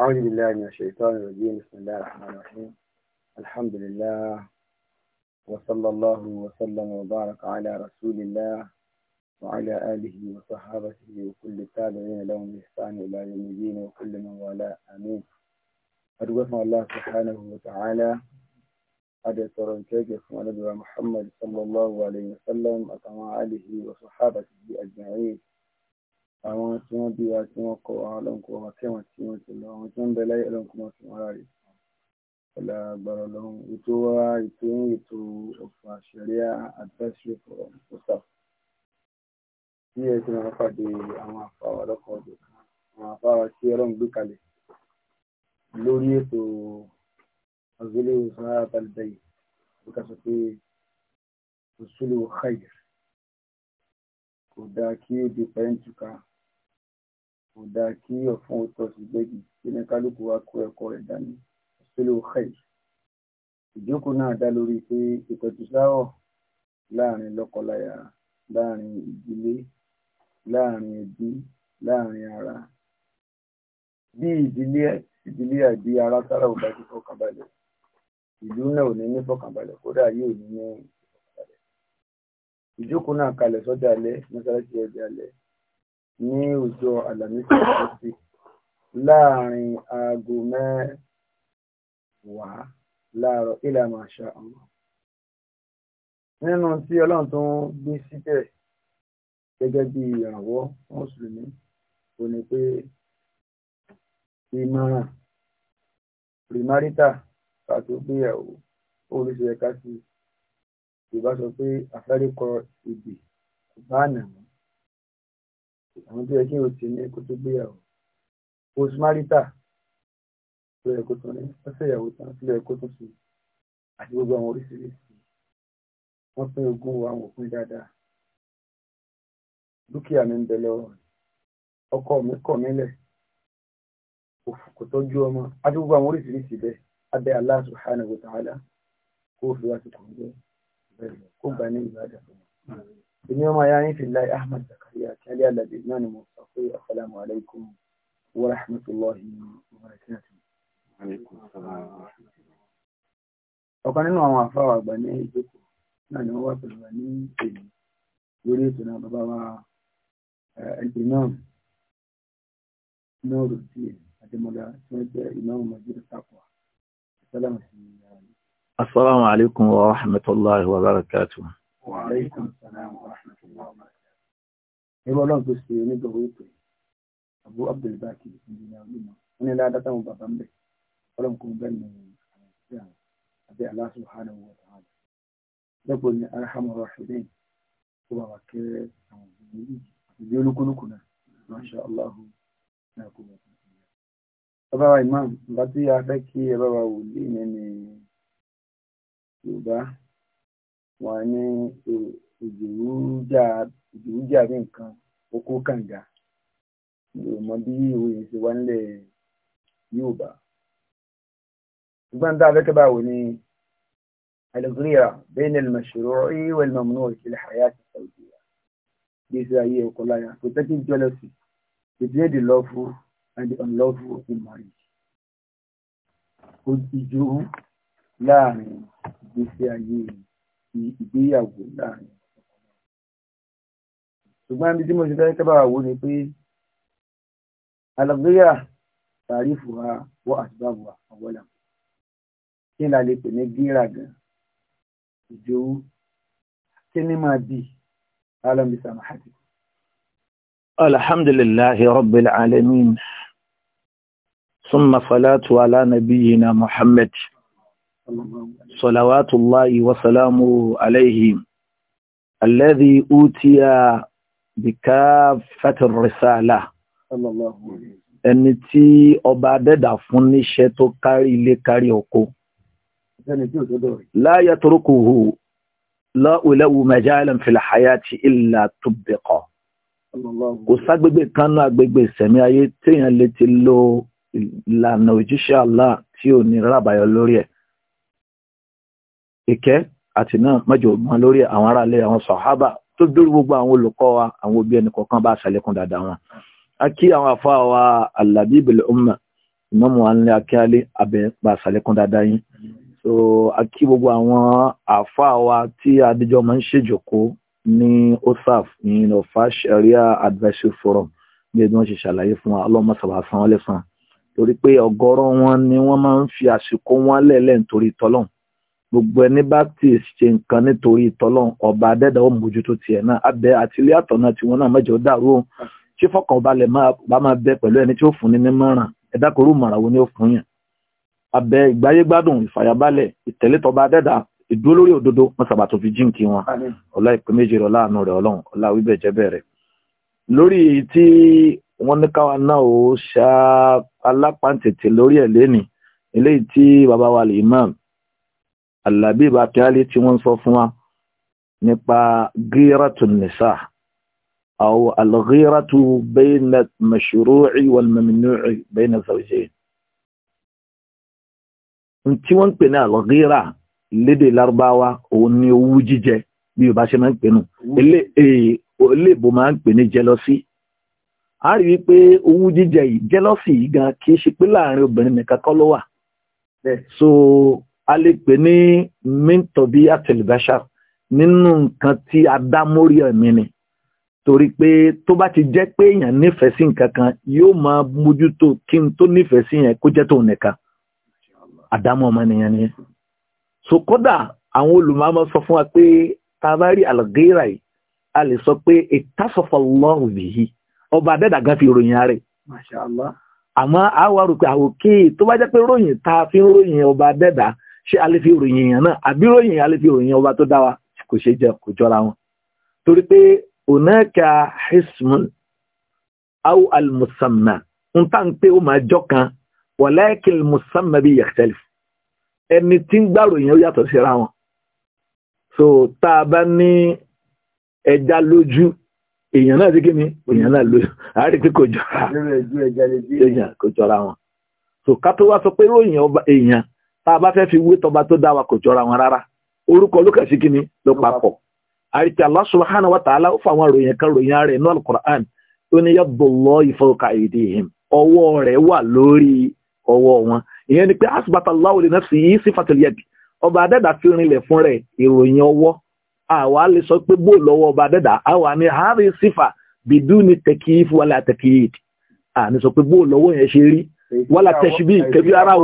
أعوذ بالله من الشيطان الرجيم بسم الله الرحمن الرحيم الحمد لله وصلى الله وسلم وبارك على رسول الله وعلى آله وصحابته وكل تابعين لهم بإحسان إلى يوم الدين وكل من والاه آمين أدعوكم الله سبحانه وتعالى أدعو ترون كيفكم على محمد صلى الله عليه وسلم أطمع آله وصحابته أجمعين àwọn tí wọ́n bí wa tí wọ́n kọ́ wa ọlọ́nkọ́ wa tí wọ́n tí wọ́n ti lọ àwọn tí wọ́n bẹ láyé ọlọ́nkọ́ wọn fi wọn ráre ọ̀là àgbàrá ọlọ́run ètò wa ètò ń ètò ọ̀fà ṣẹ̀ríà advisory for mustaf bí ẹ ti máa pàdé àwọn afáwà lọ́kọ̀ ọ̀dọ̀ àwọn afáwà tí ọlọ́run gbé kalẹ̀ lórí ètò azulẹ̀ òsán àbálẹ̀ bẹ́yì ó kà sọ pé òṣùlù khayr kò dáa kí ó di pẹ́ńtùkà kò dáa kí ọ̀fun ó tọ́ sí gbẹ́gì kí ní kálukú wa kó ẹ̀kọ́ rẹ̀ dání sílẹ̀ òkèèyí ìjókòó náà dá lórí pé ìpẹ̀tùsáwọ̀ láàrin lọ́kọláya láàrin ìdílé láàrin ẹbí láàrin ara bí ìdílé ìdílé àbí ara sára ò bá ti fọkànbalẹ̀ ìlú náà ò ní ní fọkànbalẹ̀ kódà yóò ní ní ìjókòó náà kalẹ̀ sọ́jà alẹ́ mọ́sálásí ọjà alẹ́ ní ọjọ́ àlàmísì àti láàrin aago mẹ́wàá láàárọ̀ ilẹ̀ àmàṣà ọ̀hún. nínú tí ọlọ́run tó ń gbé síbẹ̀ gẹ́gẹ́ bí ìrànwọ́ mùsùlùmí kò ní pé ìmọ̀ràn primárítà pàtó gbéyàwó oríṣiríṣi yorùbá sọ pé àsáré kọ ebè kò bá àná mọ́ àwọn tó yẹ kí o ti ní kó tó gbéyàwó postmarita tó yẹ kó tó ní ọ̀sẹ̀ ìyàwó tán tó yẹ kó tó sí àti gbogbo àwọn oríṣiríṣi wọ́n pín ogún wa àwọn òpin dáadáa dúkìá mi ń bẹ lọ́wọ́ ọkọ mi kọ̀ mílẹ̀ kò tọ́jú ọmọ àti gbogbo àwọn oríṣiríṣi bẹ́ẹ̀ abẹ́ Allah subhanahu wa ta'ala kó o fi wá sí kò ń bẹ́ẹ̀ kó gbà ní ìlú àdàpọ̀ èmi ọmọ ayá yín fillahi ahmed zakaria kíálí alábí náà ni mo sọ pé asalaamu alaykum wa rahmatulahi wa barakatuh. ọ̀kan nínú àwọn àfáà àgbà ní ìjókòó náà ni wọ́n wá pẹ̀lú wa ní èyí lórí ètò náà bàbá wa eh, imam nurudeen adémọlá tí wọ́n jẹ́ imam masjid taqwa sálámù sí i. السلام عليكم ورحمة الله وبركاته وعليكم السلام ورحمة الله وبركاته إبو لون بسي نبغو أبو عبد الباكي من الأمة أنا لا دتم بطنبه ولم كن بين أبي الله سبحانه وتعالى يقول أرحم الراحمين وبارك يقول كنا ما شاء الله لا قوة إلا بالله بابا إمام بدي أعطيك أبا ولي yorùbá wọn ní ìjìrújà bí nǹkan oko kànga mi ò mọ bí òye ṣe wá nílẹ̀ yorùbá ṣùgbọ́n tá a fẹ́ kẹ́bà wò ní alẹ́gíríà bẹ́ẹ̀ ni ẹlẹ́mọ̀ṣòro ìwé ẹlẹ́mọ̀mọ́nà ìṣẹ̀lẹ̀ àyà ti sàwùjọ gbèsè ayé ọkọ láya protecting jealousy between the lawful and the unlawful in marriage. láàrin ìgbésí ayé ti ìgbéyàwó láàrin ṣùgbọ́n ibi tí mo ṣe fẹ́ kẹ́bà wò ni pé alàgbéyà tàrífù wa wọ àtibábù wa àwọlà kí n lálẹ́ pè ní gíra gan ìjòwú kí ni máa bì alàmì sàmáhàtì. alhamdulillahi rabbil alamin summa salatu ala nabiyyina muhammad. صلوات الله وسلامه عليه الذي utiya بكافة الرسالة ẹni tí ọba adẹ́dà fún níṣẹ́ tó kárí ilé kárí oko la yatrukuhu Allahu lahu majalan fil hayati illa tubqa kò ságbègbè kan agbègbè ìsẹ̀mí ayé téèyàn lè ti lo ìlànà òjíṣẹ́ Allah tí ò ní rábàyọ lórí ẹ̀ ìkẹ́ àti náà mọ́jọ mọ́ lórí àwọn aráalé àwọn sàhábà tó dúró gbogbo àwọn olùkọ́ wa àwọn òbí ẹnì kọ̀ọ̀kan bá ṣàlékún dáadáa wọn. a kí àwọn afọ àwa alábí ìbìlẹ̀ ọmọ ìmọ̀mù anlẹ̀ akíálé abẹ bá ṣàlékún dáadáa yín. so a kí gbogbo àwọn afọ àwa tí adijọ́ máa ń ṣèjòkó ní osaf ní ọ̀fà sharia advisory forum bí ẹni wọ́n ṣe ṣàlàyé fún wa ọlọ́mọ sàbà san wọ́n lẹ́sàn torí pé ọ̀gọ̀rọ̀ wọn ni wọ́n máa ń fi àsìkò wọn lẹ́lẹ́ nítorí tọ́lọ́hún gbogbo ẹni bá ti ṣe nǹkan nítorí ìtọ́lọ́n ọba adẹ́dà ó mójútó tiẹ̀ náà abẹ àti ilé àtọ̀nà tiwọn náà mẹ́jọ dàrú o ṣé fọkànbalẹ̀ bá máa bẹ pẹ̀lú ẹni tí ó fún ni nímọ̀ràn ẹ̀dá kò rú mọ̀ràn wo ni ó fún yàn abẹ ìgbáyé gbádùn ìfàyàbalẹ̀ ìtẹ̀lẹ́tọ̀ba adẹ́dà ìdúró lórí òdodo wọn sábà tó fi jíǹkì wọn ọlá ìpín méjì rẹ láàánú rẹ ọlọ́run ọlá wíbẹ̀ jẹ́ bẹ̀rẹ̀ lórí tí wọ́n ní káwa náà ó ṣá alápàǹtẹ̀tẹ̀ lórí Al-Labib Atiyali tí wọ́n sọ fún wa nípa gíratun nisa aw al-ghiratu bayna al-mashru'i wal-mamnu'i bayna zawjayn tí wọ́n ń pè ní al-ghira lédè lárúbáwá òun ni owú jíjẹ bí yorùbá ṣe máa ń pè nù eléèbó máa ń pè ní jẹlọsí a rí i pé owú jíjẹ yìí jẹlọsí yìí gan kì í ṣe pé láàrin obìnrin nìkan kọ́ ló wà so a lè pè ní mintobi atelibashar nínú nǹkan tí adámórí ẹ̀mí ni torí pé tó bá ti jẹ́ pé èèyàn nífẹ̀ẹ́ sí nǹkan kan yóò máa mójútó kí n tó nífẹ̀ẹ́ sí yẹn kó jẹ́ tó nìkan àdámọ́ ọmọ nìyẹn nìyẹn so kódà àwọn olùmọ̀ọ́mọ́ sọ fún wa pé tá a bá yìí a lè sọ pé ìtàsọ̀fọ̀ lọ́rùn ọba adẹ́dàgá fi ròyìn ààrẹ àmọ́ àwa rò àwòké tó bá jẹ́ pé ròyìn tá a fi ń ròyìn ọba adẹ́dàá ṣé a lè fi ròyìn èèyàn náà àbí ròyìn a lè fi ròyìn ọba tó dá wa kò ṣe jẹ kò jọra wọn torí pé onaka hismun aw almusamma n tá n pé ó máa jọ kan walakin almusamma bi yakhtalif ẹni tí ń gbà ròyìn ó yàtọ̀ síra wọn so tá a bá ní ẹja lójú èèyàn náà sí kí ni èèyàn náà lójú àárí pé kò jọra èèyàn kò jọra wọn so ká tó wá sọ pé ròyìn ọba èèyàn tá a bá fẹ́ fi tọba tó kò jọra wọn rárá orúkọ ló ló papọ̀ ó fàwọn ròyìn kan ròyìn wà lórí ọwọ́ wọn ìyẹn ni pé ọba adẹ́dà fi rinlẹ̀ fún rẹ̀ ìròyìn ọwọ́ àwa lè sọ pé bó lọ́wọ́ ọba adẹ́dà àwa ni hàrí sífà biduni tẹkíf wala tẹkíd sọ pé bó lọ́wọ́ yẹn ṣe rí wala tẹṣibí kẹbí ara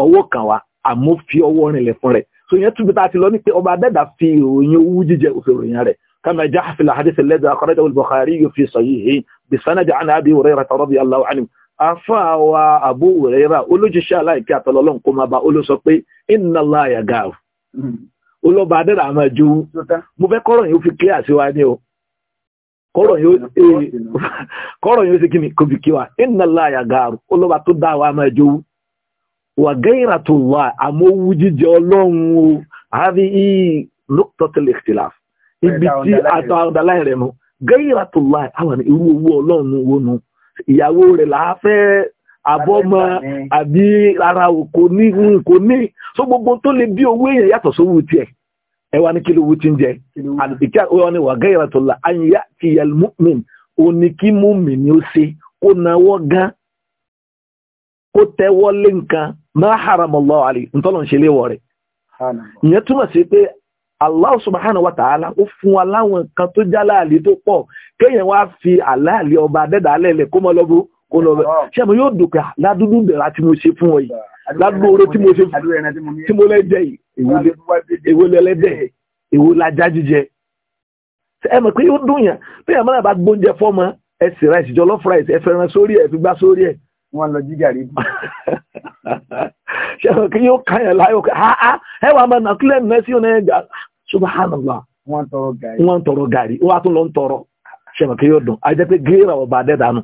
ọwọ́ kan àmọ́ fi ọwọ́ rìnlẹ̀ fún rẹ̀ so yẹn tún bí ta ti lọ ní pé ọba adẹ́dà fi ìròyìn owó jíjẹ òfin ìròyìn rẹ̀ kama jaha fi lahadisi lẹ́dà akọ́rẹ́dà olùbọ̀kárí yóò fi sọ yìí hìn bí sanadi àná àbí òrẹ́ra tọrọ bí aláwọ̀ ànim afa wa àbú òrẹ́ra olójúṣẹ́ aláìkí àtọlọ́lọ́n kó máa ba olóso pé iná láàyà gáàf olọba adẹ́dà àmà ju mo fẹ́ kọ́rọ̀ yóò fi kílẹ̀ àti wa ní o kọ́rọ̀ yóò eh, ṣe kí ni kò fi kí wa iná láàyà gáàf olọba tó dá wa àmà jowú wà gairatullah àmówú jíjẹ ọlọ́run o àbí i nuktatul ikhtilaf ibi tí àtọ àdáláì rẹ̀ mọ́ gairatullah àwọn irú owó ọlọ́run wo nu ìyàwó rẹ̀ là á fẹ́ àbọ́mọ àbí ara kò ní kò ní so gbogbo tó lè bí owó èèyàn yàtọ̀ sówó tiẹ̀ ẹ wá ní kí ló wú ti ń jẹ àdìkà wọn ni wà gairatullah àyìnyá ti yal mu'min òní kí mú mi ni ó ṣe kó nawọ́ gan kó tẹ́wọ́ lé nǹkan ma haramallahu alayhi ntọ́lọ̀ ń ṣe léwọ̀ rẹ̀ ìyẹn túmọ̀ sí pé Allah subhanahu wa ta'ala ó fún wa láwọn nǹkan tó já láàlì tó pọ̀ kéèyàn wá fi àláàlì ọba adẹ́dàálẹ̀ kó mọ́ lọ́bù kó lọ́bù ṣé mo yóò dùkà ah, ládùúgbò bẹ̀rẹ̀ tí mo ṣe fún ọ yìí ládùúgbò oró tí mo ṣe tí mo lẹ́jẹ̀ yìí èwo lẹ́lẹ́dẹ̀ èwo lajá jíjẹ ẹ mọ̀ pé yóò dùn yàn pé àmọ́ náà bá gbóúnjẹ fọ́mọ ẹ sì rice jollof rice ẹ fẹ́ràn sórí ẹ fi gbá sórí ẹ̀ wọ́n lọ jíjà rí bí. ṣẹ́wọ̀n kí yóò káyàn láyò ká á ẹwà máa nà kílẹ̀ mẹ́sí ọ̀nà ẹ̀gà subhanallah wọ́n tọrọ gàrí wọ́n tọrọ gàrí ó wá tún lọ ń tọrọ ṣẹ́wọ̀n kí yóò dùn a jẹ́ pé gírà ọba adẹ́dà nù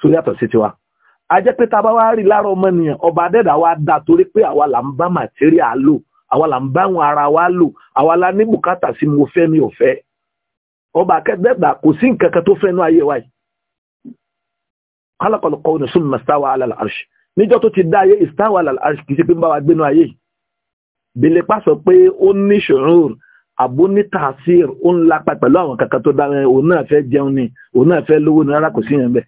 tó yàtọ̀ sí tiwa a jẹ́ pé tá a bá wá rí lára ọmọnìyàn ọba adẹ́dà wa dá torí pé àwa là ń bá màtíríà lò àwa là ń bá àwọn ara wa lò àwa la ní bùkátà sí mo fẹ́ mi ò fẹ́ ọba akẹ́dẹ́gbà kò sí nǹkan kan tó fẹ́ nú ayé wa yìí khalaqal qawna summa stawa ala al-arsh níjọ́ tó ti dá ayé istawa ala al-arsh kì í ṣe pé ń bá wa gbénu ayé bèlè pa sọ pé ó ní ṣòro àbó ní tàṣír ó ń lapa pẹ̀lú àwọn kankan tó dára òun náà fẹ́ jẹun ni òun náà fẹ́ lówó ni rárá kò sí yẹn bẹ́ẹ̀.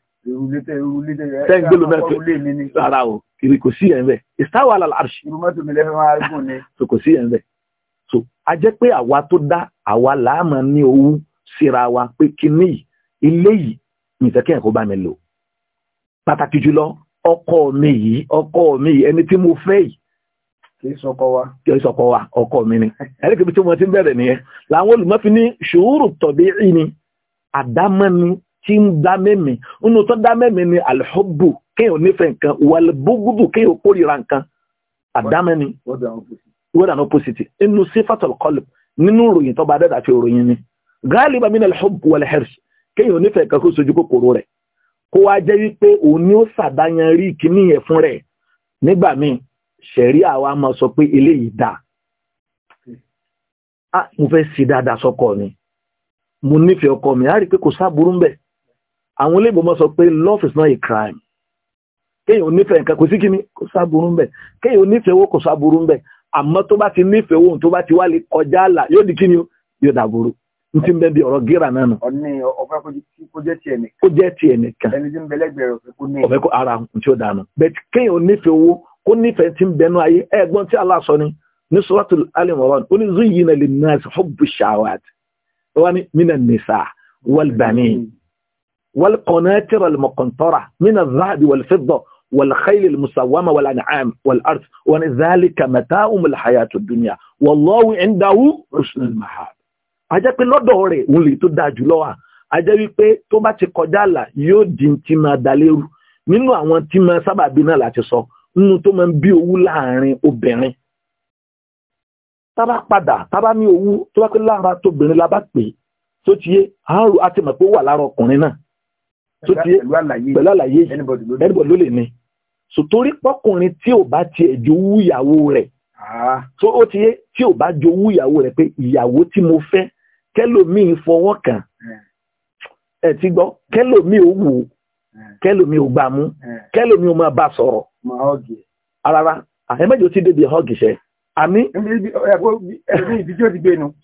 tẹ́yìn mẹ́fẹ́ rárá o kiri kò sí yẹn bẹ́ẹ̀ istawa ala al kò sí yẹn bẹ́ẹ̀ so a jẹ́ pé àwa tó dá àwa làá ní owó síra wa pé kíní ilé yìí nìfẹ́ kẹ́hìn kó bá mi lò pàtàkì jùlọ ọkọ mi yìí ọkọ mi yìí ẹni tí mo fẹ́ yìí kìí sọkọ wa kìí sọkọ wa ọkọ mi ni ẹlẹ́kẹ̀ẹ́ tí wọ́n ti bẹ̀rẹ̀ nìyẹn làwọn olùmọ́fin ní ṣòwúrò tọ̀bí ìní àdámọ́ni tí ń dá mẹ́mí nínú tó dá mẹ́mí ni alhubbu kéèyàn nífẹ̀ẹ́ nǹkan wàlúbúgùdù kéèyàn kórìíra nǹkan àdámọ́ni wọ́n àná pósìtì nínú sífàtọ̀lù kọlù nínú ròyìn tó bá dẹ́ta fi ròyìn ni gáàlì bàmí ni alhubbu wal kéèyàn nífẹ̀ẹ́ nǹkan sojú kòkòrò rẹ̀ kó wá jẹ́ wípé òun ni ó ṣàdáyanrí kíní yẹn fún rẹ̀ nígbà míì ṣẹ̀rí àwa máa sọ pé eléyìí dáa mo fẹ́ ṣe dáadáa sọ́kọ mi mo nífẹ̀ẹ́ ọkọ mi á pé kò sáàbùrú ń àwọn olóògbé máa sọ pé love is not a crime kéèyàn onífẹ̀ẹ́ nǹkan kò sí kíní kò sáàbùrú ń bẹ̀ kéèyàn onífẹ̀ẹ́ owó kò sáàbùrú ń bẹ̀ àmọ́ tó bá ti nífẹ̀ẹ́ owó tó bá ti wá lè kọjá àlà yóò di kíni yóò dàbúrú tí ń bẹ́ bí ọ̀rọ̀ gíra náà nù. ọ̀ní ọ̀fẹ́ kó jẹ́ tiẹ̀ nìkan. kó jẹ́ tiẹ̀ nìkan. ẹni tí ń bẹ lẹ́gbẹ̀ẹ́ rẹ̀ kó ní. ọ̀fẹ́ kó ara tí ó dànù. bẹ́ẹ̀ kéèyàn nífẹ̀ẹ́ owó kó nífẹ̀ẹ́ tí ń bẹnu ayé ẹ̀gbọ́n tí Allah sọ ni ní Suratul Ali Imran ó ní zuyyina linnasi hubbu shahawat wọ́n ní mina nisa wal banin wal qanatir al muqantara mina zahabi wal fidda والخيل المسومة والأنعام والأرض وذلك متاع الحياة الدنيا والله عنده حسن المحاب a jẹ́ pé lọ́dọ̀ rẹ̀ òun lè tó dáa jùlọ wà a jẹ́ wípé tó bá ti kọjá àlà yóò di ti máa dalérú nínú àwọn tí máa sábàbí náà láti sọ nínú tó máa ń bí owú láàrin obìnrin tábà padà tábà ní owú tó bá pé lára tóbìnrin la bá pè é tó ti yé àárò àti mọ̀ pé ó wà lára ọkùnrin náà tó ti yé pẹ̀lú àlàyé yìí ẹnìbọ̀dì ló lè ní sòtórí pọ́kùnrin tí ò bá tiẹ̀ jowú ìyàwó rẹ̀ tó ah. ó ti yé tí ò bá jowú ìyàwó rẹ̀ pé ìyàwó tí mo fẹ́ kẹ́lòmíì fọwọ́ kàn hmm. ẹ ti gbọ́ kẹ́lòmíì ó wò hmm. kẹ́lòmíì ó gbà mú hmm. kẹ́lòmíì ó máa bá sọ̀rọ̀ rárá àyẹ̀mẹ́jọ ti débi hug ṣe àmì.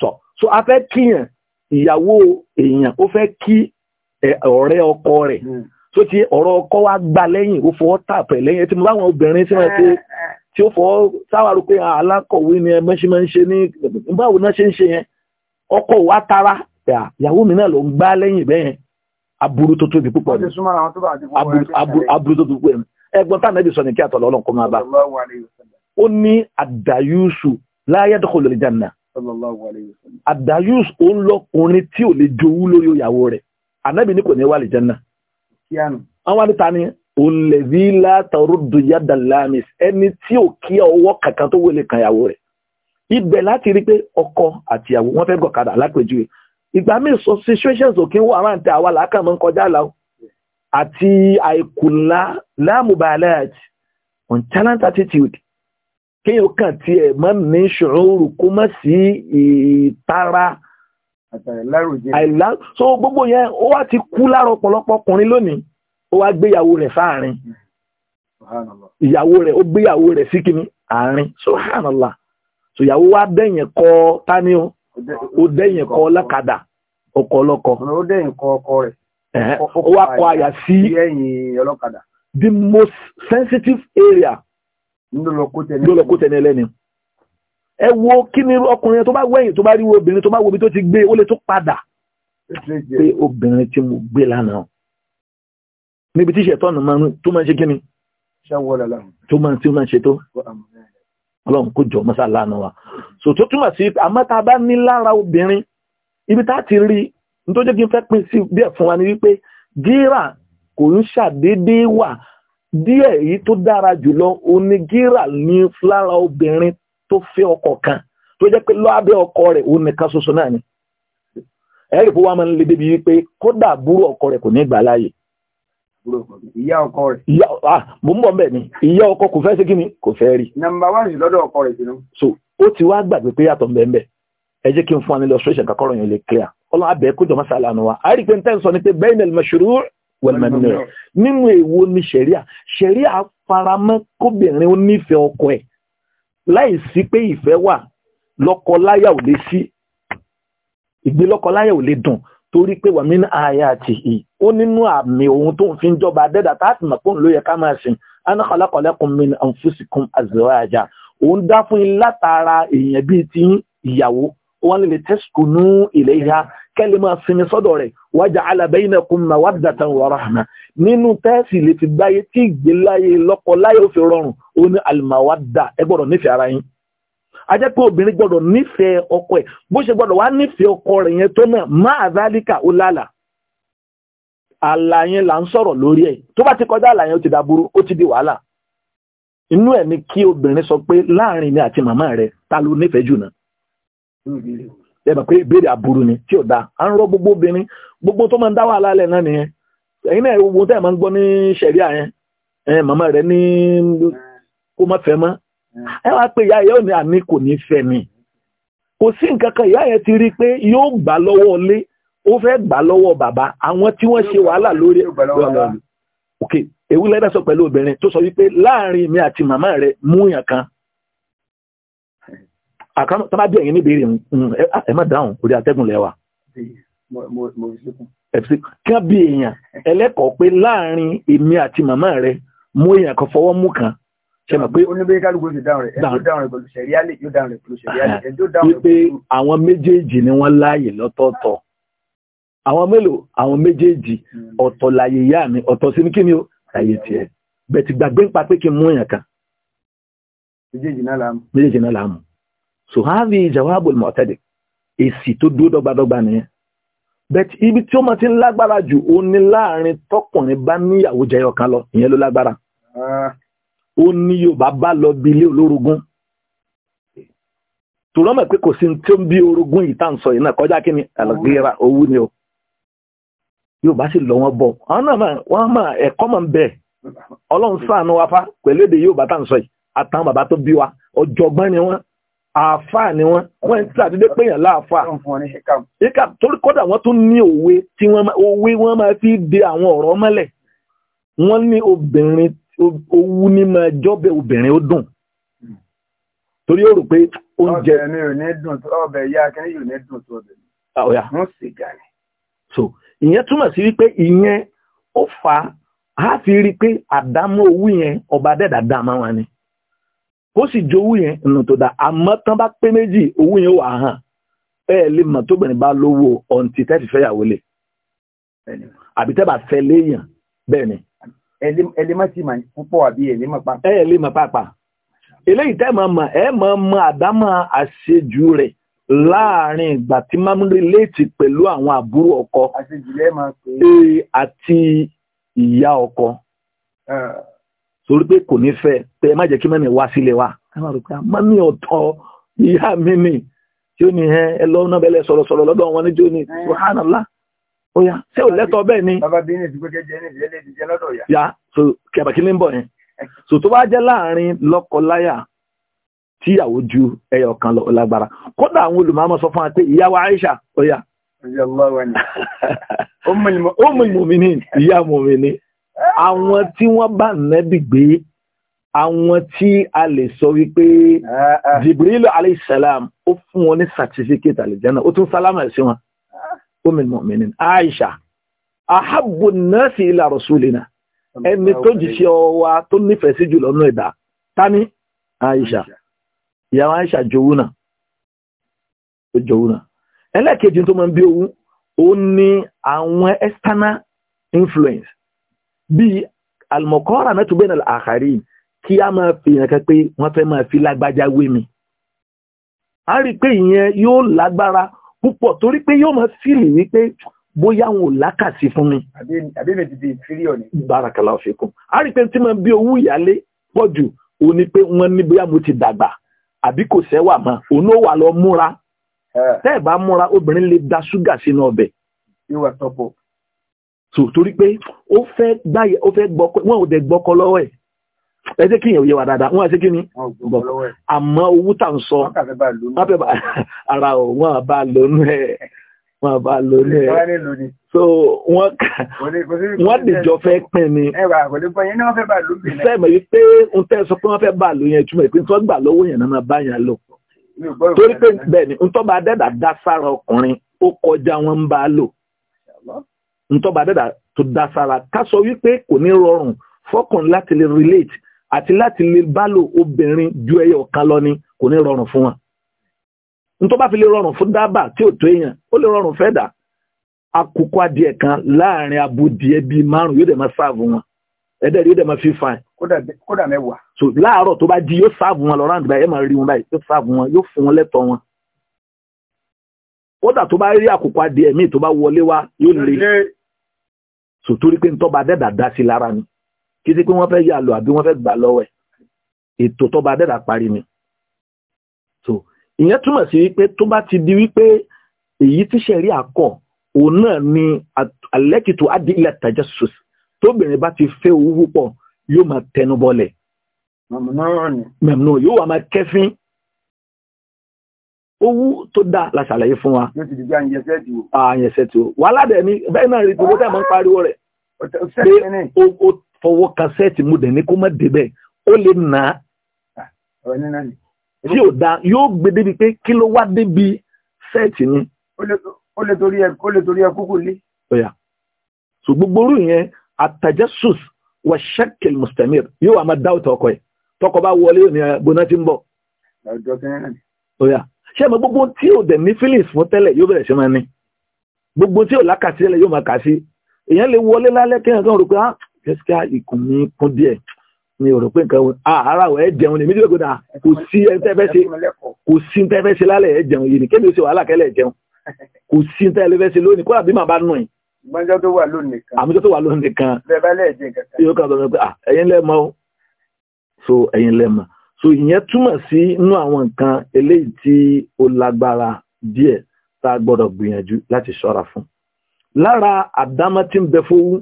tọ́ so a fẹ́ kíyàn ìyàwó èèyàn ó fẹ́ kí ọ̀rẹ́ ọkọ rẹ̀ tó ti ọ̀rọ̀ ọkọ wa gbà lẹ́yìn ó fọwọ́ tàpẹ̀ lẹ́yìn ẹ ti mú báwọn obìnrin sí wọn pé tí ó fọwọ́ sáwárò pé alákọ̀wé ni ẹ mọ́ṣẹ́ máa ṣe ní báwo náà ṣe ń ṣe yẹn ọkọ wa tara ìyàwó mi náà ló ń gbá lẹ́yìn bẹ́ẹ̀ aburú tó tóbi púpọ̀ ni aburú tó tóbi púpọ̀ ni ẹgbọ́n tá nàbì sọ ní kí àtọ̀lọ́ ọlọ́nkọ́ máa bá ó ní àdàyúsù láyé dọ́kọ̀ lórí jàǹdà àdàyúsù ó ń lọkùnrin tí ò lè jowú lórí ìyàwó rẹ̀ ànábì ní kò ní wà lè jẹ́ náà àwọn àdìta ni olèvila tarudu ẹni tí ò kí ọwọ́ kankan tó wọlé kan ìyàwó rẹ̀ ibẹ̀ láti rí pé ọkọ àti ìyàwó wọ́n fẹ́ gọ̀kadà lápèjúwe ìgbà míì sọ situations òkè wọ àwọn àǹtẹ̀ àwa làákà mọ́ ń kọjá làwọn àti àìkùnlá on unchallenged attitude kéèyàn kàn tiẹ̀ mọ́ ní ṣòro kó mọ́ sí ìtara àìlá so gbogbo yẹn ó wá ti kú lára ọ̀pọ̀lọpọ̀ ọkùnrin lónìí ó wá gbéyàwó rẹ̀ sáàrin ìyàwó rẹ̀ ó gbéyàwó rẹ̀ sí kíní àárín subhanallah So sòyàwó wa dẹ̀yìn kọ́ tání o ó dẹ̀yìn kọ́ ọlọ́kadà ọkọ̀ ọlọ́kọ̀. ó dẹ̀yìn kọ́ ọkọ rẹ̀. ó wá kọ àyà sí the most sensitive area ló lọ kó tẹni ẹlẹ́ni. ẹ wo kí ni ọkùnrin tó bá wẹ̀yìn tó bá rí obìnrin tó bá wo ibi tó ti gbé ó lè tó padà pé obìnrin tí mo gbé lánàá níbi tí ìṣẹ̀tọ́nù tó máa ń ṣe kí ni tó máa ń ṣe tó. ọlọ́run kó jọ mọ́sá lánàá wa so tó túmọ̀ sí àmọ́ bá ní lára obìnrin ibi tá ti rí ní kí n fẹ́ pín sí bí wa ni wípé gíra kò ń ṣàdédé wà díẹ̀ èyí tó dára jùlọ gíra ní lára obìnrin tó fẹ́ ọkọ kan tó jẹ́ pé lábẹ́ ọkọ rẹ̀ òun nìkan ṣoṣo náà ni fún wa máa ń débi ọkọ rẹ̀ kò ní gbà láàyè ìyá ọkọ rẹ̀. ìyá ah mo ń bọ̀ bẹ́ẹ̀ ni ìyá ọkọ kò fẹ́ ṣe kí ni kò fẹ́ rí. nàmbà wá sí lọ́dọ̀ ọkọ rẹ̀ sínú. so ó ti wá gbàgbé pé yàtọ̀ bẹ́ẹ̀ ẹ jẹ́ kí n fún wa ní illustration kakọ́rọ̀ yẹn lè clear ọlọ́run abẹ́ kó jọmọ́ sálà nù wa a rí i pé n tẹ́sán ni pé bẹ́ẹ̀ ni al-mashru' wal-mamnu' nínú èwo ni ṣẹ̀ríà ṣẹ̀ríà faramọ́ kóbìnrin ó nífẹ̀ẹ́ ọkọ ẹ̀ láì sí pé ìfẹ́ wà lọ́kọ láyà ò lè sí ìgbé lọ́kọ láyà ò lè dùn torí pé wàmí ní ààyè àti ì ó nínú àmì ohun tó ń fi ń jọba dẹ́dà táàtì mọ̀ pé òun ló yẹ ká máa sìn ana khalaqa lakum min anfusikum azwaja òun dá fún yín látara èèyàn bíi ti ìyàwó wọn lè taskunu ilayha kẹ́lẹ́ máa sinmi sọ́dọ̀ rẹ̀ waja'ala bainakum mawaddatan wa rahma nínú tẹ́sì lè ti gbáyé tí ìgbéláyé lọ́kọ láyé ó fi rọrùn ó ní al-mawadda ẹ gbọ́dọ̀ nífẹ̀ẹ́ ara yín ajẹ́ pé obìnrin gbọ́dọ̀ nífẹ̀ẹ́ ọkọ ẹ̀ bó ṣe gbọ́dọ̀ wá nífẹ̀ẹ́ ọkọ rẹ̀ yẹn tó náà máa zálíkà ó lálà àlà là ń sọ̀rọ̀ lórí ẹ̀ tó bá ti kọjá àlà ti ó ti di wàhálà inú ẹ̀ ni kí obìnrin sọ pé láàrin mi àti màmá ta ló nífẹ̀ẹ́ jù náà ẹ pé ìbéèrè àbúrú ni tí ò à gbogbo obìnrin gbogbo tó máa ń dá wàhálà náà nìyẹn náà máa ń ní yẹn màmá ní kó má ẹ wá pé ìyá yẹn ò ní àmì kò ní fẹ́ mi kò sí nǹkan kan ìyá yẹn ti rí i pé yóò gbà lọ́wọ́ ilé ó fẹ́ gbà lọ́wọ́ bàbá àwọn tí wọ́n ṣe wàhálà lórí ọlọ́ọ̀lù ok ewu lẹ́dá sọ pẹ̀lú obìnrin tó sọ wípé láàrin mi àti màmá rẹ mú yàn kan àkàrà tó bá bí ẹ̀yin níbi ìrìn mm, mm, ah, ẹ má dáhùn orí atẹ́gùn lẹ́wà kí wọ́n bí èèyàn ẹlẹ́kọ̀ọ́ pé láàrin èmi àti màmá rẹ mú èèyàn kan fọwọ́ mú kan ṣe mọ̀ pé oníbẹ̀kálùkù ti dáhùn rẹ̀ ẹni tó dáhùn rẹ̀ pẹ̀lú ṣẹ̀ríálì yóò dáhùn rẹ̀ pẹ̀lú ṣẹ̀ríálì ẹni tó dáhùn rẹ̀ pẹ̀lú. wípé àwọn méjèèjì ni wọ́n láàyè lọ́tọ̀ọ̀tọ̀ àwọn mélòó àwọn méjèèjì hmm. ọ̀tọ̀ láyè ìyá mi ọ̀tọ̀ sí ní kí ni ó láyè tiẹ̀ bẹ̀tì gbàgbé ń pa pé kí n mú èèyàn kan. méjèèjì náà la so havi jawabul mu'tadi èsì tó dúró dọ́gbadọ́gba nìyẹn bẹ̀tì ibi tí ó máa ti ń lágbára jù ó ní láàrin tọkùnrin bá níyàwó jẹyọ kan lọ ìyẹn ló lágbára. Ah ó ní yorùbá bá lọ bí ilé olórogún tùrọ́ mọ̀ pé kò sí tí ó ń bí orogún yìí tá à ń sọ yìí náà kọjá kí ni àlọ́gbéra owó ni o yorùbá sì lọ wọn bọ̀ àwọn náà mà wọ́n mà ẹ̀kọ́ mọ̀ ń bẹ̀ ọlọ́run ṣàánú wa fa pẹ̀lú èdè yorùbá tá à ń sọ yìí àtàwọn bàbá tó bí wa ọ̀jọ̀gbọ́n ni wọ́n àáfàá ni wọ́n wọ́n ti àdédé péyàn láàfàá ìka torí kọ́dà wọ́n tún ní òwe tí wọ́n máa fi de àwọn ọ̀rọ̀ mọ́lẹ̀ wọ́n ní obìnrin owú ní máa jọ́bẹ̀ obìnrin ó dùn torí ó rò pé oúnjẹ. ọbẹ̀ mi ò ní dùn tó ọbẹ̀ ìyá akẹ́ni yóò ní dùn tó ọbẹ̀ mi. wọ́n sì gà ní. so ìyẹn túmọ̀ sí wípé ìyẹn ó fà á fi rí i pé àdámọ́ owú yẹn ọba dẹ́dà dá máa wà ní. ó sì jo owú yẹn nù tó dà àmọ́ tán bá pé méjì owú yẹn wà hàn ẹ lè mọ̀ tóbìnrin bá lówó ọ̀ǹtì tẹ́tì fẹ́yàwó lè àbí tẹ́ bá fẹ́ léèyàn bẹ́ẹ̀ ni ẹlẹ́mọ̀ tí mà púpọ̀ àbí papa. pàápàá. ẹ ẹlẹ́mọ̀ pàápàá eléyìí tẹ́ máa ma ẹ máa mọ̀ àdámọ̀ àṣejù rẹ̀ láàrin ìgbà tí máa ń pẹ̀lú àwọn àbúrò ọkọ àti ìyá ọkọ torí pé kò ní pé kí wá sílé wa má rò pé mi tí ó ní ẹ lọ́dọ̀ wọn níjó ni subhanallah ó yá ṣé ò lẹ́tọ̀ bẹ́ẹ̀ ni. bàbá bí ní ìdígbò jẹjẹ ní ìdílé ti jẹ lọ́dọ̀ yá. yá so kàbàkí ní ń bọ̀ yẹn so tó bá jẹ́ láàrin lọ́kọ-láyà ju ẹyọ kan lọ lágbára kódà àwọn olùmọ̀ọ́mọ́ sọ fún wa Aisha ó yá. Ummul Mu'minin ìyá mòmìnì àwọn tí wọ́n bá nẹ́bì gbé àwọn tí a lè sọ wípé ah, ah. Jibril alayhi salam ó fún wọn ní certificate àlìjánà ó tún sálámà sí wọn umil mu'minin aisha ahabbu nasi ila rasulina ẹni tó jìṣẹ́ ọwa tó nífẹ̀ẹ́ sí jùlọ nínú ẹ̀dá tani aisha ìyàwó aisha jowuna jowuna ẹlẹ́ẹ̀kejì tó máa ń bí owó ó ní àwọn external influence bíi almokora náà tún bẹ́ẹ̀ náà àkàrí kí a máa fi yàn kan pé wọ́n fẹ́ máa fi lágbájá wé mi a rí i pé ìyẹn yóò lágbára púpọ̀ torí pé yóò máa fíìlì wípé bóyá wọn ò lákàsí fún mi. àbí ti di inferior ni. barakallahu fikum a rí i pé tí mo bí owó ìyálé pọ̀ jù ó ní pé wọ́n ní bóyá mo ti dàgbà àbí kò sẹ́wà mọ́ òun ló wà lọ múra tẹ́ ẹ̀ bá múra obìnrin lè da ṣúgà sínú ọbẹ̀. yóò wá torí pé ó fẹ́ gbọ́kọ lọ́wọ́ ẹ̀ ẹjẹ́ kí èèyàn yẹ wà dáadáa wọ́n ṣe kí ni àmọ́ owó tà ń sọ ara wọn bá lónú ẹ̀ wọ́n bá lónú ẹ̀ so wọ́n dìjọ fẹ́ pín ni sẹ́ẹ̀mọ̀ yìí pé ń tẹ́ sọ pé wọ́n fẹ́ bà lóyún ẹ̀túmọ̀ ìpín tó gbà lọ́wọ́ yẹn náà bá yẹn lò torí pé bẹ́ẹ̀ ni ń tọ́ bá dẹ́dà dá sára ọkùnrin ó kọjá wọn ń bá lò ń tọ́ bá dẹ́dà tó dá sára ká sọ wípé kò ní rọrùn fọkùnrin láti lè relate àti láti lè bálò obìnrin ju ẹyọ kan lọ ni kò ní rọrùn fún wọn nítorí bá fi lè rọrùn fún dábà tí ò tó èèyàn ó lè rọrùn fẹ́ dà àkókò adìẹ kan láàrin abudìẹ bíi márùn yóò dẹ̀ máa sáàbù wọn ẹ̀dẹ̀ yóò dẹ̀ máa fi fa ẹ̀. kódà mẹ́wàá. so láàárọ̀ tó bá di yóò sáàbù wọn lọ ráǹdì báyìí ẹ̀ máa rí wọn báyìí yóò sáàbù wọn yóò fún wọn lẹ́tọ̀ọ́ wọn kódà tó bá rí àkókò adìẹ míì tó bá wọlé wá yóò lè so torí pé ntọ́ dẹ́dà dá sí lára ni kí sí pé wọ́n fẹ́ yà lọ àbí wọ́n fẹ́ gbà lọ́wọ́ ẹ̀ ètò tọba adẹ́dà parí ni so ìyẹn túmọ̀ sí wípé tó bá ti di wípé èyí tí sẹ̀rí àkọ́ òun náà ni alẹ́kìtò adìlẹ̀ tajassus tóbìnrin bá ti fẹ́ owó púpọ̀ yóò máa tẹnu bọlẹ̀ mẹ̀mú yóò wà máa kẹ́fín owó tó dá la ṣàlàyé fún wa. yóò ti di bí àyẹ̀sẹ̀ tí o. àyẹ̀sẹ̀ tí o wàhálà dẹ̀ ni bẹ́ẹ̀ náà rí gbogbo tẹ̀ mọ́ pariwo rẹ̀. o fọwọ́ kasẹ́ẹ̀tì mu dẹ̀ ní kó má débẹ̀ ó lè nà á tí ò da yóò gbé débi pé kí wá débi sẹ́ẹ̀tì ni. ó lè torí ẹ ó lè torí ẹ kúkú lé. so gbogbo orú yẹn atajasus wa shakil mustamir yóò wà máa dáwọ́ tọkọ ẹ̀ tọkọ bá wọlé ní bóná tí ń bọ̀. ṣé ẹ mọ gbogbo tí ò dẹ̀ ní feelings fún tẹ́lẹ̀ yóò bẹ̀rẹ̀ sí máa ní gbogbo tí ò lákàtí tẹ́lẹ̀ yóò máa kà sí èèyàn lè wọlé lálẹ́ kéèyàn kan rò pé ah, kẹ́síkà ìkùn mi kún díẹ̀ mi ò rò pé nǹkan ah, ara ọ̀ jẹun ni mi dúró kódà kò sí ntẹ́fẹ́ ṣe kò sí jẹun yìí ni kébí o ṣe wàhálà kẹ́lẹ̀ jẹun kò sí ntẹ́fẹ́ fẹ́ ṣe lónìí kódà bí màá bá nù yìí. àmójútó tó wà lónìí kan àmójútó tó wà lónìí kan bẹ́ẹ̀ bá lẹ́ẹ̀ jẹ kankan. yóò ah, so ẹ̀yin so ìyẹn túmọ̀ sí inú àwọn nǹkan eléyìí tí ó lágbára díẹ̀ tá a gbọ́dọ̀ gbìyànjú láti ṣọ́ra fún lára àdámọ́ tí ń bẹ fowó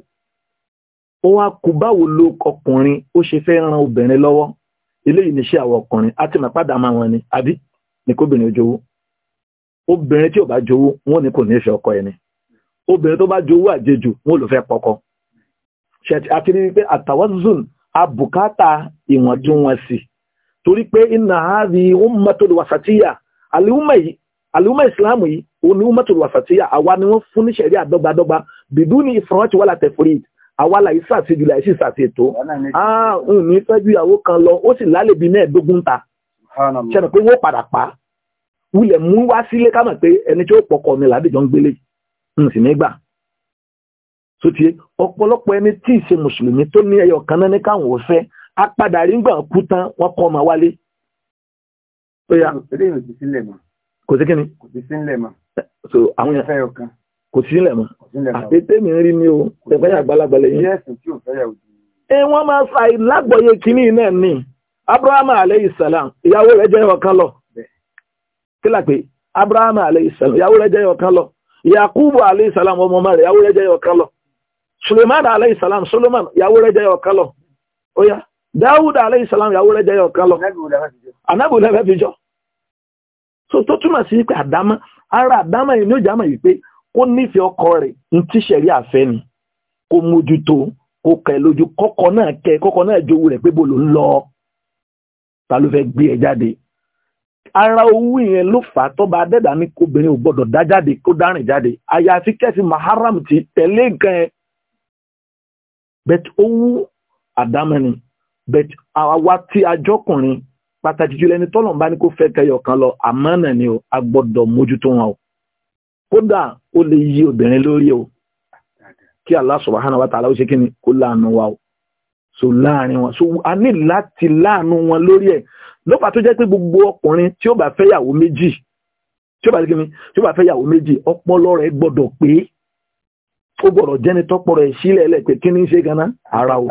ó wá kú báwo ló kọkùnrin ó ṣe fẹ́ ran obìnrin lọ́wọ́ eléyìí níṣẹ́ àwọn ọkùnrin á ti màpádà máa wọn ni àbí ni kóbìnrin jowó obìnrin tí ò bá jowó wọn ni kò ní ìfẹ́ ọkọ ẹni obìnrin tó bá jowó àjejù wọn ló fẹ́ pọkọ ṣẹtì àti ìwọ̀ntúnwọ̀nsì torí pé iná àárí àlùmọ̀ yìí ni wọ́n fún wala àwa làyí ṣàṣejù làyí sì ṣàṣètò ààrùn ní fẹ́jú ìyàwó kan lọ ó sì lálẹ́ bíi mẹ́ẹ̀ẹ́dógún ta ṣẹ́nu pé wọ́n padà pa wulẹ̀ mú wá sílé ká mọ̀ pé ẹni tí ó pọkọ mi làdìjọ́ ń gbélé n sì nígbà tó ti ọ̀pọ̀lọpọ̀ ẹni tí ìṣe mùsùlùmí tó ní ẹyọ kan náà káwọn ò fẹ́ apádà rí gbà kú tán wọ́n kọ́ ọmọ wálé. kò sí kí ni. kò sí sílẹ̀ mọ́. so àwọn yẹn. kò sílẹ̀ mọ́ àpété mi rí ní o tẹ̀fẹ́ àgbàlagbà lẹ́yìn. ẹ wọ́n máa sa ìlágbọ̀yé ya náà ní abraham alayhi salam ìyàwó rẹ̀ jẹ́ ọ̀kan lọ kí là pé abraham alayhi salam ìyàwó rẹ̀ jẹ́ yakubu alayhi salam ọmọ ọmọ rẹ̀ ìyàwó rẹ̀ jẹ́ ọ̀kan lọ suleiman aleyhi salam ìyàwó rẹ̀ jẹ́ ọ̀kan oya dawud alayhi salam ìyàwó rẹ̀ jẹ́ ọ̀kan lọ anabu lẹ́fẹ̀ẹ́ fi jọ ara àdámọ́ yìí kó nífẹ̀ẹ́ ọkọ rẹ̀ ń tíṣẹ̀rí àfẹ́ ni kó mójútó kó kẹ lójú kọ́kọ́ náà kẹ kọ́kọ́ náà jowó rẹ̀ pé bó ló ń lọ ta ló fẹ́ gbé ẹ jáde ara owó yẹn ló fà á tọ́ba adẹ́dà ní obìnrin ò gbọ́dọ̀ dá jáde kó dárìn jáde àyàfi maharam ti tẹ̀lé owó àdámẹ́ni àwa tí ajọ́kùnrin pàtàkì jùlọ ẹni tọ́lọ̀ ń a kódà ó lè yí obìnrin lórí o kí Allah subhanahu wa ta'ala ó ṣe kí ni kó láàánú wa o so láàrin wọn so a ní láti láàánú wọn lórí ẹ̀ lọ́pàá tó jẹ́ pé gbogbo ọkùnrin tí ó bá fẹ́ yàwó méjì tí ó bá kí ni tí ó bá fẹ́ yàwó méjì ọpọlọ rẹ̀ gbọ́dọ̀ pé ó gbọ́dọ̀ jẹ́ni tọ́pọ̀ rẹ̀ sílẹ̀ ẹlẹ́ pé kí ni ń ṣe ganan ara o.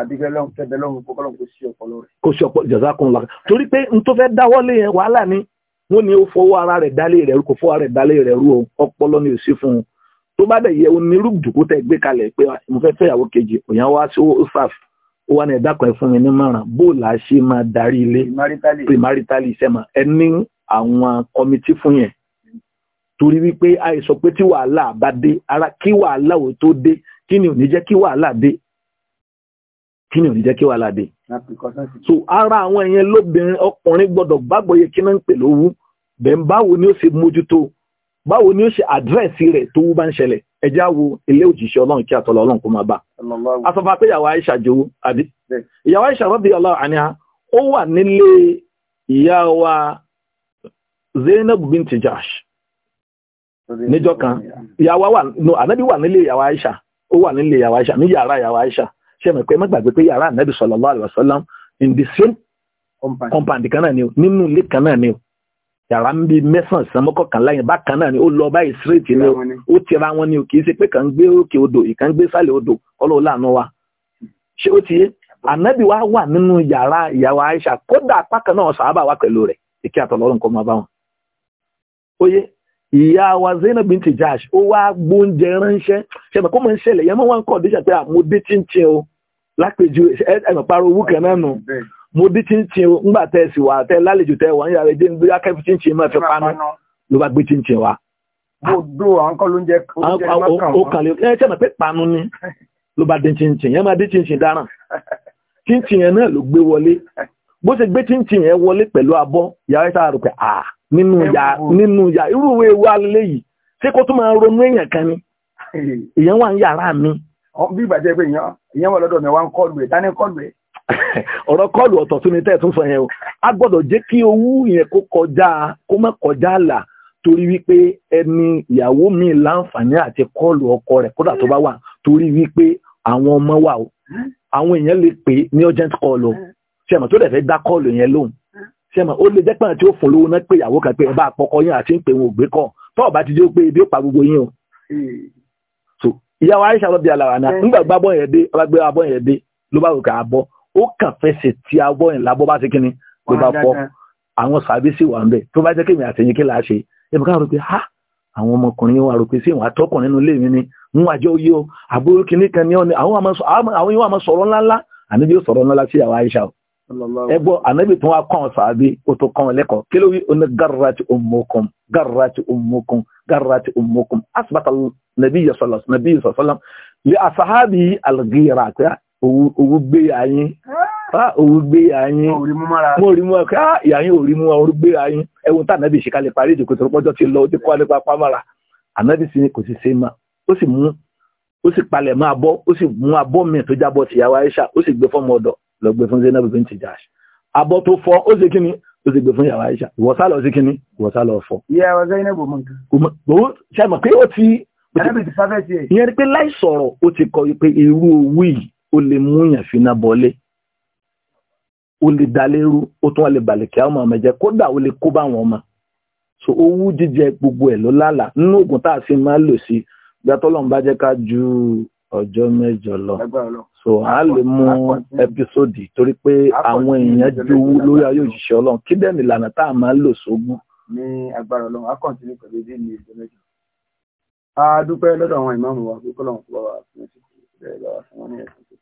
kò sí ọpọlọ jazakumullah torí pé n tó fẹ́ dáwọ́lé yẹn wàhálà ni wọ́n ní ó fọwọ́ ara rẹ̀ dálé rẹ̀ rú kò fọwọ́ ara rẹ̀ dálé rẹ̀ rú ọpọlọ ni ò sí fún un tó bá dẹ̀ yẹ onírú ìdùkú tẹ̀ gbé kalẹ̀ pé ah, mo fẹ́ fẹ́ ìyàwó kejì òyàn wá sí usaf ó wà ní ẹ̀dá kan fún mi ní mọ̀ràn bó la ṣe máa darí ilé primaritali sẹ́mà ẹ ní àwọn kọmitì fún yẹn torí wípé àìsọ pé tí wàhálà bá dé ara kí wàhálà ò tó dé kí ni ò ní jẹ́ kí wàhálà dé kí ni ò ní jẹ́ kí wàhálà dé so ara àwọn ẹ̀yẹn lóbìnrin ọkùnrin gbọ́dọ̀ gbàgbọ́ yẹ kí náà ń pè lówú then báwo ni ó ṣe mójútó báwo ni ó ṣe àdírẹ́sì rẹ̀ tó wú bá ń ṣẹlẹ̀ ẹjẹ́ àwo ilé òjìṣẹ́ ọlọ́run kí àtọ́lọ́ ọlọ́run kó máa bá asọ́fà pé ìyàwó Aisha jowó àbí ìyàwó Aisha radiyallahu anha ó wà nílé ìyá wa Zainab binti Jahsh níjọ́ kan ìyàwó wà no ànábì wà nílé ìyàwó Aisha ó wà nílé ìyàwó Aisha ní yàrá ìyàwó Aisha ṣe mọ̀ pé mọ́gbàgbé pé yàrá ànábì sallallahu yàrá ń bí mẹ́sàn-án mọ́kànlá yẹn bákan náà ni ó lọ báyìí straight ni ó ra wọn ni kì í ṣe pé kàn ń gbé òkè odò ìkàn ń gbé sálẹ̀ odò ọlọ́wọ́ wa ṣé ó ti yé ànábì wa wà nínú yàrá ìyàwó Aisha kódà apá kan náà sàábà wà pẹ̀lú rẹ̀ ìkí kọ́ máa bá wọn. ó Zainab Jash ó wá gbóúnjẹ mo dí chinchin ńgbà tẹ́ ẹ wa wà tẹ́ lálejò tẹ́ wà ń yàrá ìdí nígbà chinchin máa fi paná ló bá gbé chinchin wa. gbogbo àwọn kan ló ń jẹ oúnjẹ mọ́kàn wọn. ó ẹ ṣe mọ̀ pé panu ni ló bá dín chinchin yẹn máa dín chinchin dáràn chinchin yẹn náà ló gbé wọlé bó ṣe gbé chinchin yẹn wọlé pẹ̀lú abọ́ yàrá ìta rò pé à nínú yà nínú yà irú ìwé wa léyìí ṣé kó tún máa ronú èèyàn kan ni èèyàn wà ń yàrá mi. bí ìbàjẹ́ pé èèyàn wà lọ́dọ̀ mi wá ń kọlù ẹ̀ tání kọlù ẹ̀ ọ̀rọ̀ kọ́ọ̀lù ọ̀tọ̀ tún ni tẹ́ ẹ̀ tún sọ yẹn o a gbọ́dọ̀ jẹ́ kí owó yẹn kó kọjá kó má kọjá là torí wípé ẹni ìyàwó mi láǹfààní àti kọ́ọ̀lù ọkọ rẹ̀ kódà tó bá wà torí wípé àwọn ọmọ wà o àwọn èèyàn lè pè ní urgent call o ṣẹ́mọ̀ tó dẹ̀ fẹ́ gbá kọ́ọ̀lù yẹn lóhùn ṣẹ́mọ̀ ó lè jẹ́ pé àti ó fún lówó náà pé ìyàwó kan pé pa gbogbo yín o. ìyàwó Aisha lọ bí alára náà nígbà gbá bọ́ yẹn dé ọba gbé abọ́ yẹn dé ló bá rò ká abọ́ ó kàn fẹsẹ̀ ti abọ́ yẹn lábọ́ bá ti kíni ló bá fọ́ àwọn sàbísì wà ń bẹ̀ tó bá jẹ́ kémi àtẹ̀yìn kí là á ṣe ẹ̀bùn káàró pé ha àwọn ọmọkùnrin wa rò pé sí ìwà tọkùnrin nínú ilé mi ni ń wà jẹ́ oyé o àbúrò kìíní kan ní ọ̀nà àwọn yóò máa sọ̀rọ̀ ńláńlá àníbi yóò sọ̀rọ̀ ńláńlá sí àwọn àyíṣà o ẹgbọ́ ànábì tí wọ́n kọ́ àwọn sàábí ó tó kọ́ wọn lẹ́kọ̀ọ́ kí ló wí oní garrati ummukum garrati ummukum garrati ummukum asibata nabi yasọlọ nabi yasọlọ li asahabi algira òwú gbé ayín òwú ah! ah, gbé ayín mo rí mú ọkọ ah, ìyàyín ò rí mú ọrú gbé ayín ẹwùn tá ànábì ìṣekalẹ̀ parí ìdìkò tó pọ́jọ́ ti lọ ó ti kọ́ nípa pamara ànábì sí ni kò sì ṣe ma ó sì mú ó sì palẹ̀ mọ́ abọ́ ó sì mú abọ́ mi tó jábọ́ ti yàwá Aisha ó sì gbé fọ́mọ ọ̀dọ̀ lọ gbé fún Zainab bin Tijash abọ́ tó fọ́ ó sì kíni ó sì gbé fún yàwá Aisha ìwọ̀sá lọ sí kíni ìwọ̀sá lọ fọ́. ìyá wa Zainab mọ̀ nǹkan. òun ṣe mọ̀ pé ó ti ìyẹn ni pé láì sọ̀rọ̀ ó ti kọ pé irú owó yìí ó lè múyàn finá bọlé ó lè dalérú ó tún wà lè bàlẹ̀kẹ́ àwọn ọmọ ẹ̀jẹ̀ kódà ó lè kó bá àwọn ọmọ so owó jíjẹ gbogbo ẹ̀ ló lálàá nínú oògùn tá a fi máa lò sí gbàtọ́lọ́n bá jẹ́ ká ju ọjọ́ mẹ́jọ lọ so a lè mú ẹpisódì torí pé àwọn èèyàn jowú lórí ayé òṣìṣẹ́ ọlọ́run kí dẹ̀ nìlànà tá a máa lò sógún. ní agbára ọlọ́run a kàn sí ní pẹ̀lú ìdí ní ìjọ mẹ́jọ. a dúpẹ́ lọ́dọ̀ àwọn ìmáàmù wa pé kọ́lọ́run kó wa fún ẹ̀sìn ìbẹ̀rẹ̀ lọ́wọ́ fún wọn ní ẹ̀sìn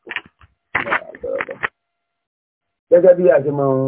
gẹ́gẹ́ bí a ṣe máa ń